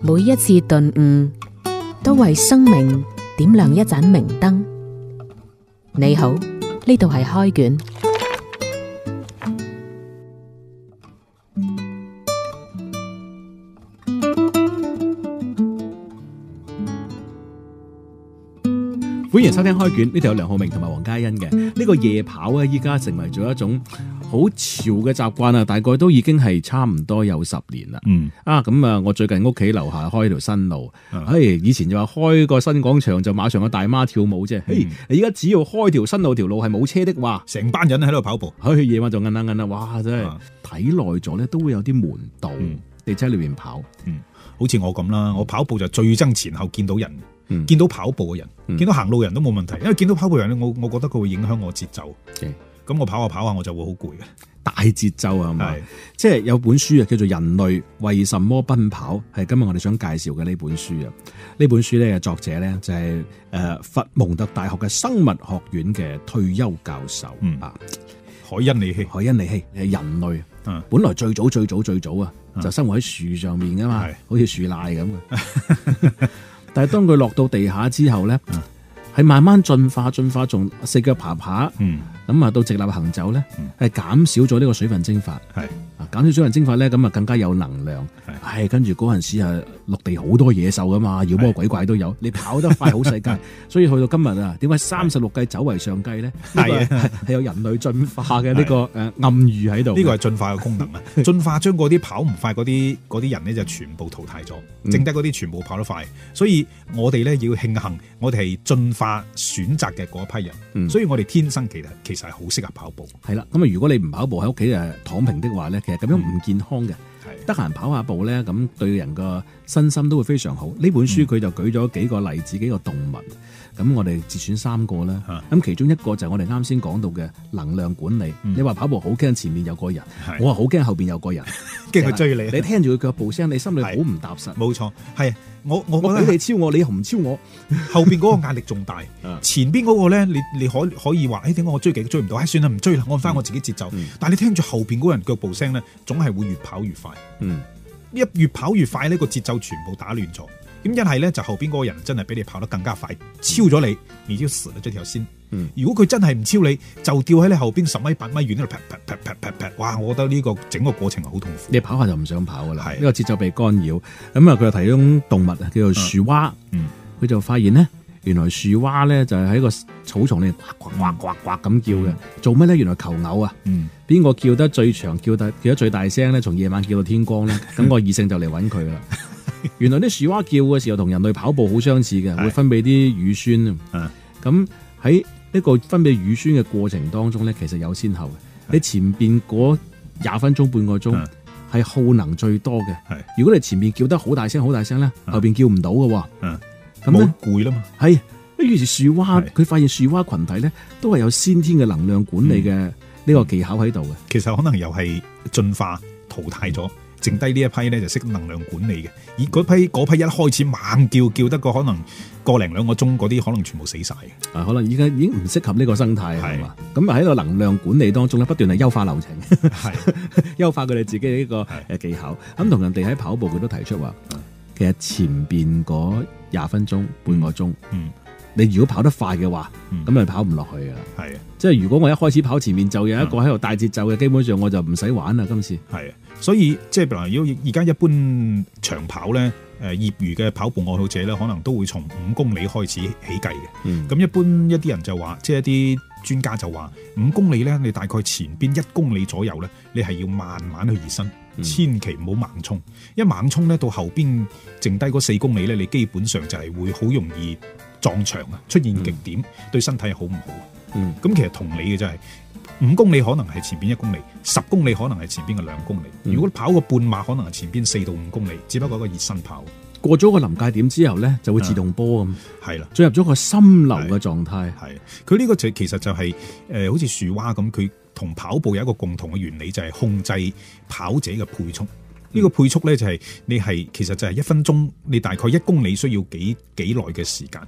每一次頓悟，都為生命點亮一盞明燈。你好，呢度係開卷。歡迎收聽開卷，呢度有梁浩明同埋黃嘉欣嘅。呢個夜跑呢，依家成為咗一種，好潮嘅習慣啊，大概都已經係差唔多有十年啦。啊、嗯、咁啊，我最近屋企樓下開條新路，嗯、以前就話開個新廣場就馬上個大媽跳舞啫。嘿，而家只要開條新路，條路係冇車的話，成班人喺度跑步。夜、哎、晚就摁下摁下，哇，真係睇耐咗呢都會有啲門道。嗯、你喺裏面跑，嗯、好似我咁啦，我跑步就最憎前後見到人，嗯、見到跑步嘅人，嗯、見到行路人都冇問題，因為見到跑步人，我我覺得佢會影響我節奏。嗯咁我跑下跑下，我就會好攰嘅。大節奏啊，係即係有本書啊，叫做《人類為什麼奔跑》，係今日我哋想介紹嘅呢本書啊。呢本書咧作者，咧就係、是、誒、呃、佛蒙特大學嘅生物學院嘅退休教授啊、嗯。海恩利希，海恩利希係人類、嗯，本來最早最早最早啊，就生活喺樹上面噶嘛，好似樹賴咁。 但係當佢落到地下之後咧，係、嗯、慢慢進化進化，仲四腳爬爬。嗯咁啊，到直立行走咧，係減少咗呢個水分蒸發，係啊減少水分蒸發咧，咁啊更加有能量。係，跟住嗰陣時啊，陸地好多野獸噶嘛，妖魔鬼怪都有，你跑得快好世界。 所以去到今日啊，點解三十六計走為上計咧？係啊，係有人類進化嘅呢個誒暗喻喺度。呢個係進化嘅功能啊，進 化將嗰啲跑唔快嗰啲嗰啲人呢，就全部淘汰咗，嗯、剩低嗰啲全部跑得快。所以我哋咧要慶幸，我哋係進化選擇嘅嗰一批人。所以我哋天生其實。其實係好適合跑步，係啦。咁啊，如果你唔跑步喺屋企誒躺平的話咧，其實咁樣唔健康嘅。係。得閒跑下步咧，咁對人個。身心都會非常好。呢本書佢就舉咗幾個例子，嗯、幾個動物。咁我哋節選三個啦。咁其中一個就係我哋啱先講到嘅能量管理。嗯、你話跑步好驚前面有個人，我話好驚後邊有個人，驚佢追你。你聽住佢腳步聲，你心裏好唔踏實。冇錯，係我我覺得我你超我，你唔超我，後邊嗰個壓力仲大。 前邊嗰個咧，你你可可以話，哎，點解我追幾個追唔到？哎，算啦，唔追啦，按翻我自己節奏。嗯、但係你聽住後邊嗰人腳步聲咧，總係會越跑越快。嗯。一越跑越快，呢個節奏全部打亂咗。咁一係咧，就後邊嗰個人真係比你跑得更加快，超咗你，而要死咗條綫，嗯。如果佢真係唔超你，就掉喺你後邊十米八米遠度，啪啪啪啪啪啪，哇！我覺得呢個整個過程係好痛苦。你跑下就唔想跑噶啦，呢、這個節奏被干擾。咁、嗯、啊，佢又提一種動物啊，叫做樹蛙。佢、嗯、就發現呢。原來樹蛙咧就係喺個草叢裏呱呱呱呱咁叫嘅，嗯、做咩咧？原來求偶啊！邊、嗯、個叫得最長、叫大、叫得最大聲咧？從夜晚叫到天光咧，咁 個異性就嚟揾佢啦。 原來啲樹蛙叫嘅時候同人類跑步好相似嘅，會分泌啲乳酸。咁喺呢個分泌乳酸嘅過程當中咧，其實有先後。你前邊嗰廿分鐘半個鐘係耗能最多嘅。如果你前面叫得好大聲、好大聲咧，後邊叫唔到嘅。咁好攰啦嘛、嗯，係。於是樹蛙佢發現樹蛙群體咧，都係有先天嘅能量管理嘅呢個技巧喺度嘅。其實可能又係進化淘汰咗，剩低呢一批咧就識能量管理嘅。而嗰批嗰批一開始猛叫叫得個可能個零兩個鐘嗰啲，可能全部死晒。啊，可能而家已經唔適合呢個生態係嘛。咁喺個能量管理當中咧，不斷係優化流程，係優化佢哋自己嘅誒呢個技巧。咁同、嗯、人哋喺跑步，佢都提出話。其實前邊嗰廿分鐘半個鐘，嗯，你如果跑得快嘅話，咁、嗯、就跑唔落去嘅啦。係啊，即係如果我一開始跑前面就有一個喺度帶節奏嘅、嗯，基本上我就唔使玩啦。今次係啊，所以即係譬如，如果而家一般長跑咧，誒業餘嘅跑步愛好者咧，可能都會從五公里開始起計嘅。嗯，咁一般一啲人就話，即係一啲。專家就話五公里呢，你大概前邊一公里左右呢，你係要慢慢去熱身，嗯、千祈唔好猛衝。一猛衝呢，到後邊剩低嗰四公里呢，你基本上就係會好容易撞牆啊，出現極點、嗯，對身體好唔好？咁其實同理嘅就係、是、五公里可能係前邊一公里，十公里可能係前邊嘅兩公里、嗯。如果跑個半馬，可能係前邊四到五公里，只不過一個熱身跑。過咗個臨界點之後咧，就會自動波咁係啦，進、啊、入咗個心流嘅狀態係。佢呢個就其實就係、是、誒，好似樹蛙咁，佢同跑步有一個共同嘅原理就係、是、控制跑者嘅配速。呢、嗯這個配速咧就係、是、你係其實就係一分鐘你大概一公里需要幾幾耐嘅時間。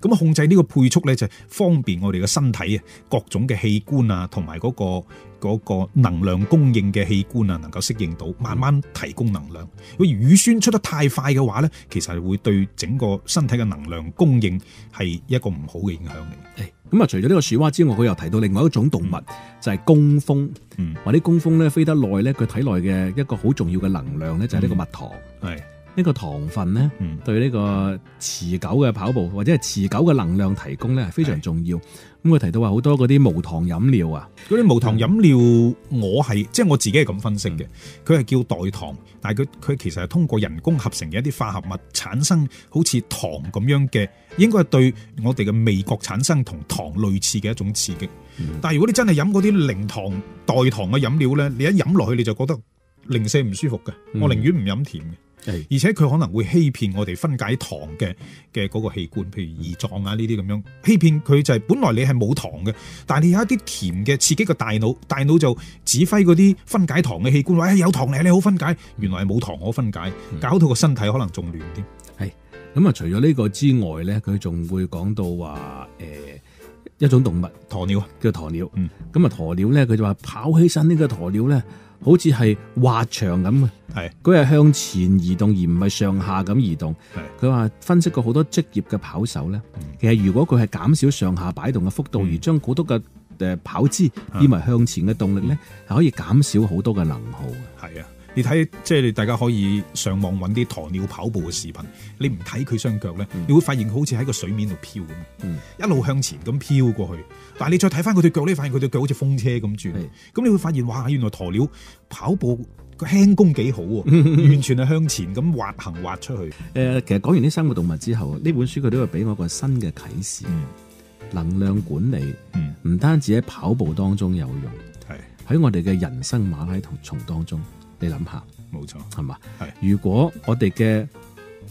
咁、嗯、啊，控制呢個配速咧就係方便我哋嘅身體啊，各種嘅器官啊，同埋嗰個。嗰、那個能量供應嘅器官啊，能夠適應到慢慢提供能量。如果乳酸出得太快嘅話咧，其實會對整個身體嘅能量供應係一個唔好嘅影響嘅。咁啊，除咗呢個樹蛙之外，佢又提到另外一種動物，嗯、就係、是、工蜂。嗯，或者工蜂咧飛得耐咧，佢體內嘅一個好重要嘅能量咧，就係呢個蜜糖。係、嗯、呢、這個糖分咧、嗯，對呢個持久嘅跑步或者係持久嘅能量提供咧，係非常重要。咁佢提到話好多嗰啲無糖飲料啊，嗰啲無糖飲料我係即係我自己係咁分析嘅。佢係叫代糖，但係佢佢其實係通過人工合成嘅一啲化合物產生好似糖咁樣嘅，應該係對我哋嘅味覺產生同糖類似嘅一種刺激。嗯、但係如果你真係飲嗰啲零糖代糖嘅飲料咧，你一飲落去你就覺得零舍唔舒服嘅。我寧願唔飲甜嘅。嗯而且佢可能會欺騙我哋分解糖嘅嘅嗰個器官，譬如胰臟啊呢啲咁樣欺騙佢就係、是、本來你係冇糖嘅，但係你有一啲甜嘅刺激個大腦，大腦就指揮嗰啲分解糖嘅器官話、哎：，有糖你你好分解。原來係冇糖可分解，搞到個身體可能仲亂啲。咁啊、嗯，除咗呢個之外咧，佢仲會講到話、欸，一種動物鴕鳥啊，叫鴕鳥。咁、嗯、啊，鴕鳥咧，佢就話跑起身呢個鴕鳥咧。好似係滑翔咁，佢係向前移動而唔係上下咁移動。佢話分析過好多職業嘅跑手咧，其實如果佢係減少上下擺動嘅幅度，而將好多嘅跑姿變為向前嘅動力咧，係可以減少好多嘅能耗。係啊。你睇，即係你大家可以上網揾啲鴕鳥跑步嘅視頻。你唔睇佢雙腳咧，你會發現佢好似喺個水面度漂咁，一路向前咁漂過去。但係你再睇翻佢對腳，你發現佢對腳好似風車咁轉。咁你會發現，哇！原來鴕鳥跑步個輕功幾好喎，完全係向前咁滑行滑出去。誒，其實講完呢三個動物之後，呢本書佢都會俾我一個新嘅啟示，嗯。能量管理，唔、嗯、單止喺跑步當中有用，喺我哋嘅人生馬拉松當中。你諗下，冇錯，係嘛？係如果我哋嘅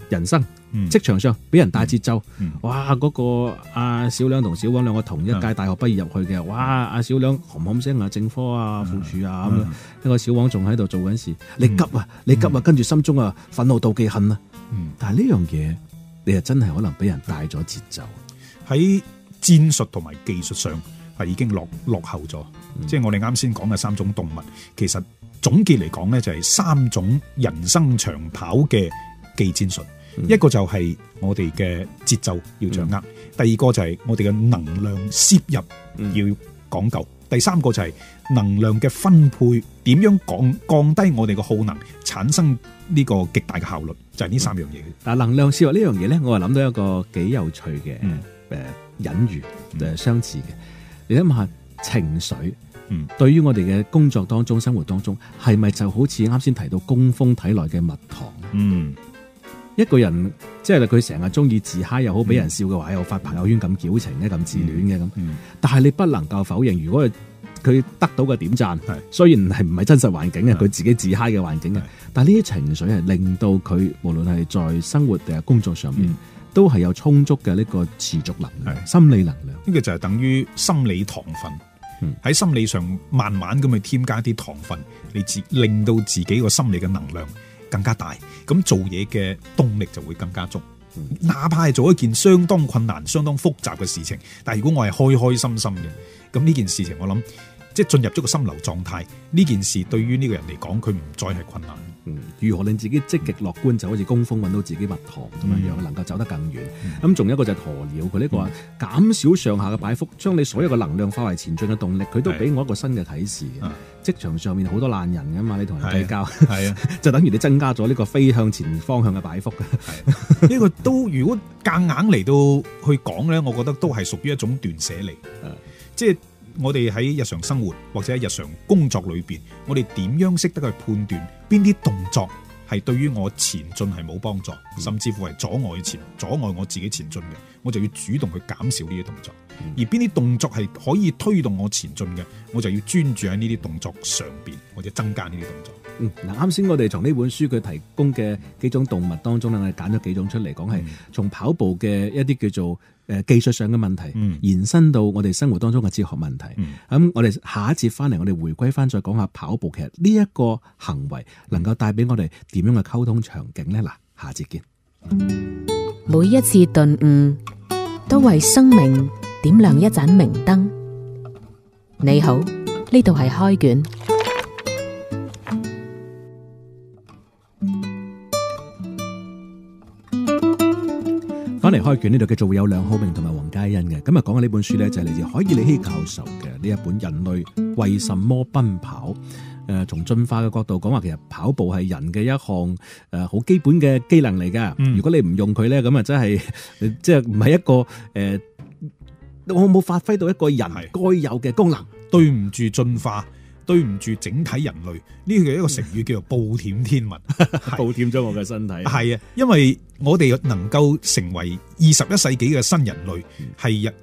人生職、嗯、場上俾人帶節奏、嗯，哇！嗰、那個阿小梁同小王兩個同一屆大學畢業入去嘅、嗯，哇！阿小梁哄哄聲啊，正科啊，副處啊咁樣，一、嗯那個小王仲喺度做緊事、嗯，你急啊！你急啊！嗯、跟住心中啊憤怒、妒忌、恨啊！嗯、但係呢樣嘢，你係真係可能俾人帶咗節奏，喺戰術同埋技術上係，已經落落後咗。嗯、即係我哋啱先講嘅三種動物，其實總結嚟講咧，就係三種人生長跑嘅技戰術。一個就係我哋嘅節奏要掌握，嗯、第二個就係我哋嘅能量攝入要講究，嗯，第三個就係能量嘅分配點樣降降低我哋嘅耗能，產生呢個極大嘅效率，就係、是、呢三樣嘢。嗱、嗯，但能量攝入呢樣嘢咧，我啊諗到一個幾有趣嘅誒隱喻誒相似嘅，你諗下。情緒，嗯，對於我哋嘅工作當中、嗯、生活當中，係咪就好似啱先提到工蜂體內嘅蜜糖？嗯，一個人即係佢成日中意自嗨又好，俾人笑嘅話、嗯，又發朋友圈咁矯、嗯、情呢咁自戀嘅咁。但係你不能夠否認，如果佢得到嘅點讚，係雖然係唔係真實環境啊，佢自己自嗨嘅環境啊，但係呢啲情緒係令到佢無論係在生活定係工作上面，嗯、都係有充足嘅呢個持續能量、心理能量。呢個就係等於心理糖分。喺心理上慢慢咁去添加啲糖分，你自令到自己個心理嘅能量更加大，咁做嘢嘅動力就會更加足。哪怕係做一件相當困難、相當複雜嘅事情，但如果我係開開心心嘅，咁呢件事情我諗即係進入咗個心流狀態，呢件事對於呢個人嚟講，佢唔再係困難。嗯、如何令自己積極樂觀、嗯、就好似工蜂揾到自己蜜糖咁樣樣，嗯、能夠走得更遠。咁、嗯、仲有一個就係鴕鳥，佢呢、呢個減、嗯、少上下嘅擺幅，將、嗯、你所有嘅能量化為前進嘅動力，佢、嗯、都俾我一個新嘅啟示。職、啊啊、場上面好多爛人嘅嘛，你同人計較，啊啊、 就等於你增加咗呢個飛向前方向嘅擺幅呢、啊 呢個都如果夾硬嚟到去講咧，我覺得都係屬於一種斷捨離、嗯。即係。我哋喺日常生活或者喺日常工作裏邊，我哋點樣識得去判斷邊啲動作係對於我前進係冇幫助，甚至乎係阻礙前阻礙我自己前進嘅，我就要主動去減少呢啲動作；而邊啲動作係可以推動我前進嘅，我就要專注喺呢啲動作上邊，或者增加呢啲動作。嗯，嗱，啱先我哋從呢本書佢提供嘅幾種動物當中咧，我哋揀咗幾種出嚟講，係從跑步嘅一啲叫做誒技術上嘅問題、嗯，延伸到我哋生活當中嘅哲學問題。咁、嗯、我哋下一節翻嚟，我哋回歸翻再講下跑步，其實呢一個行為能夠帶俾我哋點樣嘅溝通場景呢？嗱，下次見。每一次頓悟都為生命點亮一盞明燈。你好，呢度係開卷。嚟，開卷呢度繼續會有梁浩明同埋黃佳欣嘅，咁啊講嘅呢本書咧就係嚟自海爾利希教授嘅呢一本《人類為什麼奔跑》。誒、呃，從進化嘅角度講話，其實跑步係人嘅一項誒好基本嘅機能嚟噶、嗯。如果你唔用佢咧，咁啊真係即係唔係一個誒、呃，我冇發揮到一個人該有嘅功能，對唔住進化。對唔住，整體人類呢個一個成語叫做暴殄天物，暴殄咗我嘅身體。係啊，因為我哋能夠成為二十一世紀嘅新人類，係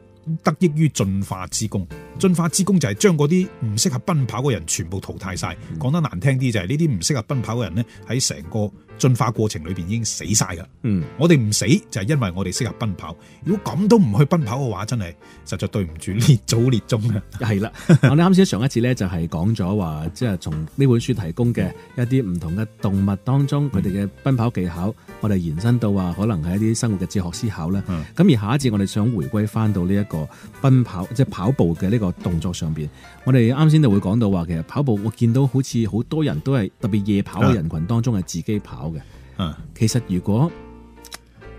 得益於進化之功。進化之功就係將嗰啲唔適合奔跑嘅人全部淘汰晒。講得難聽啲就係呢啲唔適合奔跑嘅人呢，喺成個進化過程裏邊已經死晒噶，嗯，我哋唔死就係因為我哋適合奔跑。如果咁都唔去奔跑嘅話，真係實在對唔住列祖列宗嘅。係啦，我哋啱先上一次咧就係講咗話，即係從呢本書提供嘅一啲唔同嘅動物當中佢哋嘅奔跑技巧，我哋延伸到話可能係一啲生活嘅哲學思考啦。咁而下一次我哋想回歸翻到呢一個奔跑即係跑步嘅呢個動作上邊，我哋啱先就會講到話，其實跑步我見到好似好多人都係特別夜跑嘅人群當中係自己跑。嘅，嗯，其實如果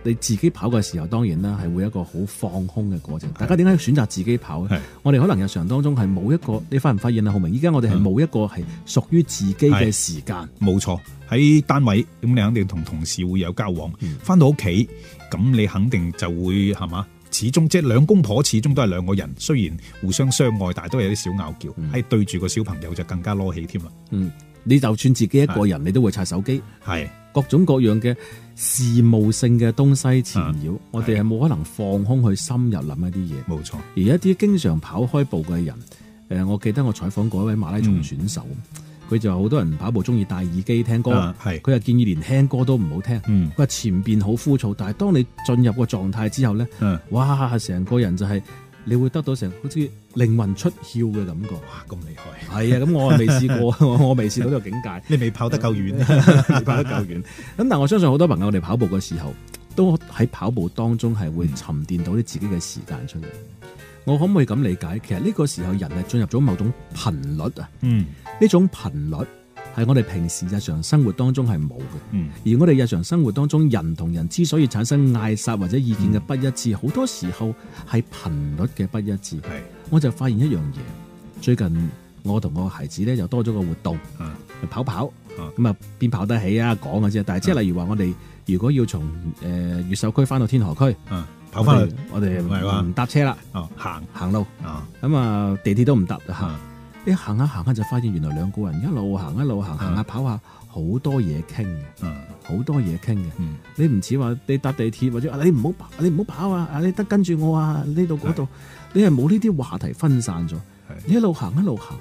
你自己跑嘅時候，當然啦，係會一個好放空嘅過程。大家點解要選擇自己跑咧？我哋可能日常當中係冇一個，你發唔發現啊？浩明，依家我哋係冇一個係屬於自己嘅時間。冇錯，喺單位咁，你肯定同同事會有交往。翻、嗯、到屋企咁，你肯定就會係嘛？始終即係兩公婆，始終都係兩個人，雖然互相相愛，但係都係有啲小拗撬。喺、嗯、對住個小朋友就更加囉氣添啦。嗯，你就算自己一個人，你都會刷手機，係。各種各樣嘅事務性嘅東西纏繞、啊，我哋係冇可能放空去深入諗一啲嘢。冇錯，而一啲經常跑開步嘅人，誒，我記得我採訪過一位馬拉松選手，佢、嗯、就好多人跑步鍾意戴耳機聽歌，佢、啊、又建議連聽歌都唔好聽。佢、嗯、話前邊好枯燥，但係當你進入個狀態之後咧、嗯，哇，成個人就係、是、～你會得到成好似靈魂出竅嘅感覺，哇，咁厲害！係啊，咁我未試過， 我未試到呢個境界。你未跑得夠遠， 未跑得夠遠。咁但係我相信好多朋友，我哋跑步嘅時候，都喺跑步當中係會沉澱到啲自己嘅時間出嚟、嗯。我可唔可以咁理解？其實呢個時候人係進入咗某種頻率啊，嗯，呢種頻率。係我哋平時日常生活當中係冇嘅，而我哋日常生活當中人同人之所以產生嗌殺或者意見嘅不一致，好、嗯、多時候係頻率嘅不一致。我就發現一樣嘢，最近我同我孩子咧就多咗個活動，跑跑，咁啊邊跑得起啊講嘅啫，但係即係例如話我哋如果要從誒、呃、越秀區翻到天河區，啊、跑翻去，我哋唔搭車啦，行、哦、行路，咁啊地鐵都唔搭.你一行下行下，就發現原來兩個人一路行一路行行下跑下，好、嗯、多嘢傾嘅，好、嗯、多嘢傾嘅。你唔似話你搭地鐵，或者你唔好你唔好跑啊！啊，你得跟住我啊，呢度嗰度，你係冇呢啲話題分散咗。你一路行一路行，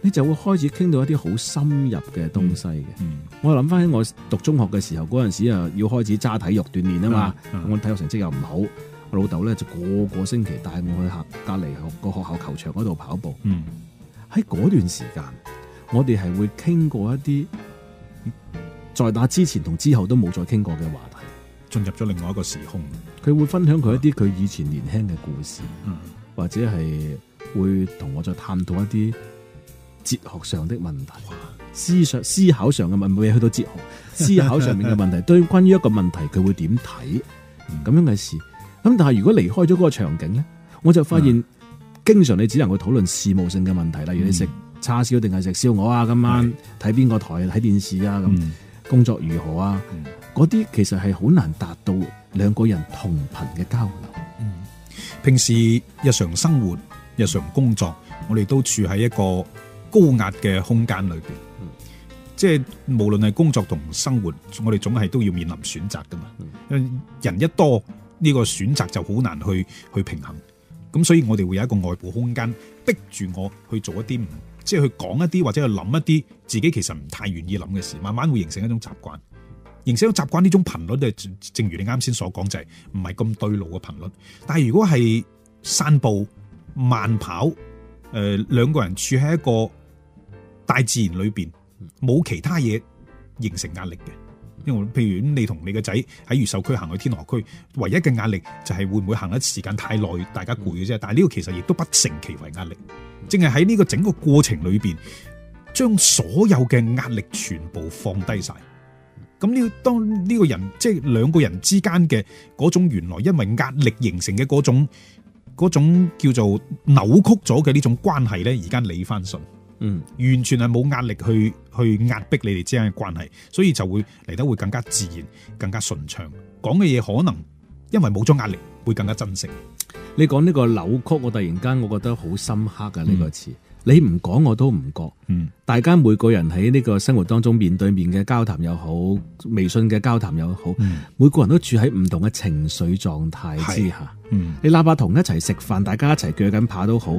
你就會開始傾到一啲好深入嘅東西嘅、嗯嗯。我諗翻起我讀中學嘅時候嗰陣時啊，要開始揸體育鍛煉啊嘛、嗯。我體育成績又唔好，我老豆咧就個個星期帶我去隔離個學校球場嗰度跑步。嗯。喺嗰段時間，我哋係會傾過一啲在那之前同之後都冇再傾過嘅話題，進入咗另外一個時空。佢會分享佢一啲佢以前年輕嘅故事，嗯、或者係會同我再探討一啲哲學上的問題、思想、思考上嘅問，每去到哲學思考上面嘅問題， 對關於一個問題佢會點睇，咁、嗯、樣嘅事。咁但係如果離開咗嗰個場景呢，我就發現。嗯經常你只能去討論事務性嘅問題，例如你食叉燒定係食燒鵝啊，今晚睇邊個台睇電視啊，咁工作如何啊？嗯，嗰啲其實係好難達到兩個人同頻嘅交流。平時日常生活、日常工作，我哋都處喺一個高壓嘅空間裏邊。嗯，即係無論係工作同生活，我哋總係都要面臨選擇噶嘛。因為人一多，呢個選擇就好難去去平衡。咁所以我哋會有一個外部空間逼住我去做一啲唔，即係去講一啲或者去諗一啲自己其實唔太願意諗嘅事，慢慢會形成一種習慣，形成一種習慣，呢種頻率就正如你啱先所講，就係唔係咁對路嘅頻率。但係如果係散步慢跑誒，呃，兩個人處喺一個大自然裏邊，冇其他嘢形成壓力嘅。因為譬如你同你個仔喺越秀區行去天河區，唯一嘅壓力就係會唔會行得時間太耐，大家攰嘅啫。但係呢個其實亦都不成其為壓力，淨係喺呢個整個過程裏邊，將所有嘅壓力全部放低晒。咁呢、呢個當呢個人即係、就是、兩個人之間嘅嗰種原來因為壓力形成嘅嗰種嗰種叫做扭曲咗嘅呢種關係咧，而家理翻順。嗯，完全係冇壓力去去壓迫你哋之間嘅關係，所以就會嚟得會更加自然、更加順暢。講嘅嘢，可能因為冇咗壓力，會更加真誠。你講呢個扭曲，我突然間我覺得好深刻啊！呢、嗯呢個詞，你唔講我都唔覺。嗯，大家每個人喺呢個生活當中面對面嘅交談又好，微信嘅交談又好、嗯，每個人都住喺唔同嘅情緒狀態之下。嗯、你喇巴同一齊食飯，大家一齊鋸緊扒都好。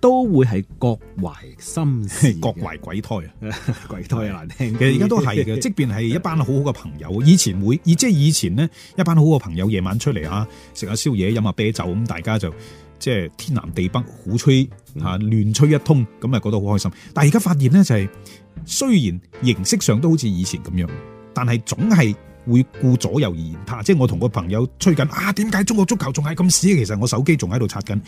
都會係各懷心各 懷鬼胎， 鬼胎啊！鬼胎又難聽。其實而家都係嘅，即便係一班好好嘅朋友， 以前會，即係以前呢，一班好好嘅朋友出來，夜晚出嚟啊，食下宵夜，飲下啤酒，咁大家就即係天南地北，好吹嚇、啊，亂吹一通，咁啊覺得好開心。但係而家發現呢，就係、是、雖然形式上都好似以前咁樣，但係總係。會顧左右而言他，即係我同個朋友吹緊，啊點解中國足球仲係咁屎？其實我手機仲喺度刷緊，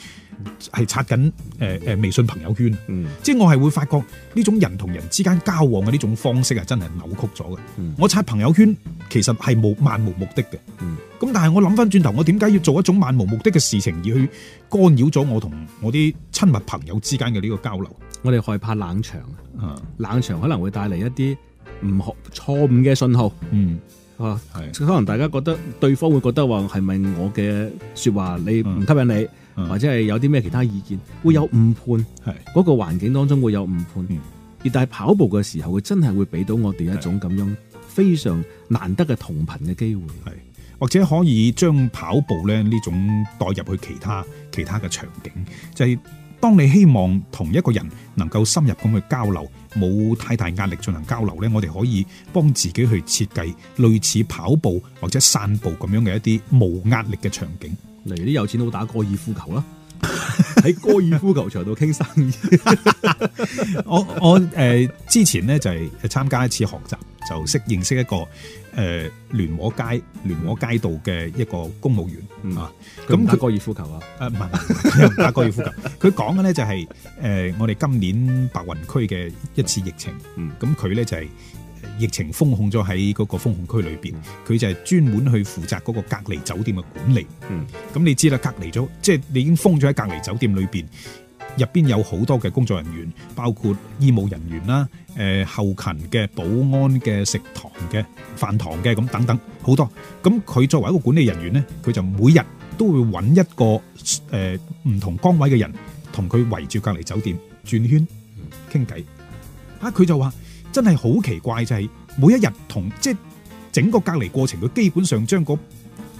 係刷緊誒誒微信朋友圈。嗯，即係我係會發覺呢種人同人之間交往嘅呢種方式啊，真係扭曲咗嘅。嗯。我刷朋友圈其實係無漫無目的嘅。咁，嗯，但係我諗翻轉頭，我點解要做一種漫無目的嘅事情，而去干擾咗我同我啲親密朋友之間嘅呢個交流？我哋害怕冷場啊，冷場可能會帶嚟一啲唔好錯誤嘅信號。嗯。啊，可能大家覺得對方會覺得話係咪我嘅説話你唔吸引你，嗯嗯、或者係有啲咩其他意見，會有誤判，係、嗯、嗰、嗰個環境當中會有誤判，嗯、而但係跑步嘅時候，佢真係會俾到我哋一種咁樣非常難得嘅同頻嘅機會，係或者可以將跑步咧呢種代入去其他其他嘅場景，就係、係。當你希望同一個人能夠深入咁去交流，冇太大壓力進行交流呢，我哋可以幫自己去設計類似跑步或者散步咁樣嘅一啲冇壓力嘅場景，例如啲有錢佬打高爾夫球啦。喺高爾夫球場度傾生意，我我誒之前呢就係參加一次學習，就識認識一個誒聯和街聯和街道嘅一個公務員啊，咁打高爾夫球啊，誒唔係打高爾夫球，佢講嘅呢就係誒我哋今年白雲區嘅一次疫情，咁佢呢就係。疫情封控咗喺嗰個封控區裏邊，佢就係專門去負責嗰個隔離酒店嘅管理。嗯，咁你知啦，隔離咗，即係你已經封咗喺隔離酒店裏邊，入邊有好多嘅工作人員，包括醫務人員啦，誒、呃，後勤嘅、保安嘅、食堂嘅、飯堂嘅，咁等等好多。咁佢作為一個管理人員呢，佢就每日都會揾一個誒唔同崗位嘅人，同佢圍住隔離酒店轉圈，傾偈。啊，佢就話。真係好奇怪，就係每一日同即係整個隔離過程，佢基本上將嗰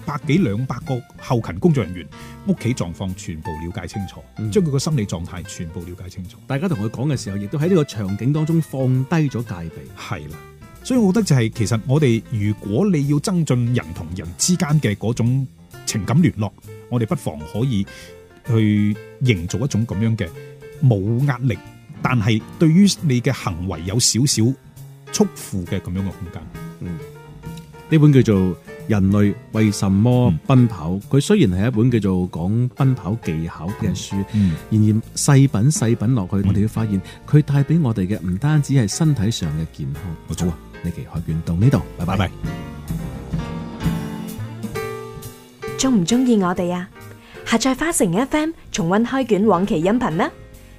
百幾兩百個後勤工作人員屋企狀況全部了解清楚，將佢個心理狀態全部了解清楚。大家同佢講嘅時候，亦都喺呢個場景當中放低咗戒備。係啦，所以我覺得就係，其實我哋如果你要增進人同人之間嘅嗰種情感聯絡，我哋不妨可以去營造一種咁樣嘅冇壓力。但係對於你嘅行為有少少束縛嘅咁樣嘅空間。嗯，呢本叫做《人類為什麼奔跑》，嗯，佢雖然係一本叫做講奔跑技巧嘅書，嗯嗯，然而細品細品落去，嗯、我哋要發現佢帶俾我哋嘅唔單止係身體上嘅健康。好，早啊，呢期開卷到呢度，拜拜拜，拜。中唔中意我哋啊？下載花城 FM 重溫開卷往期音頻啦！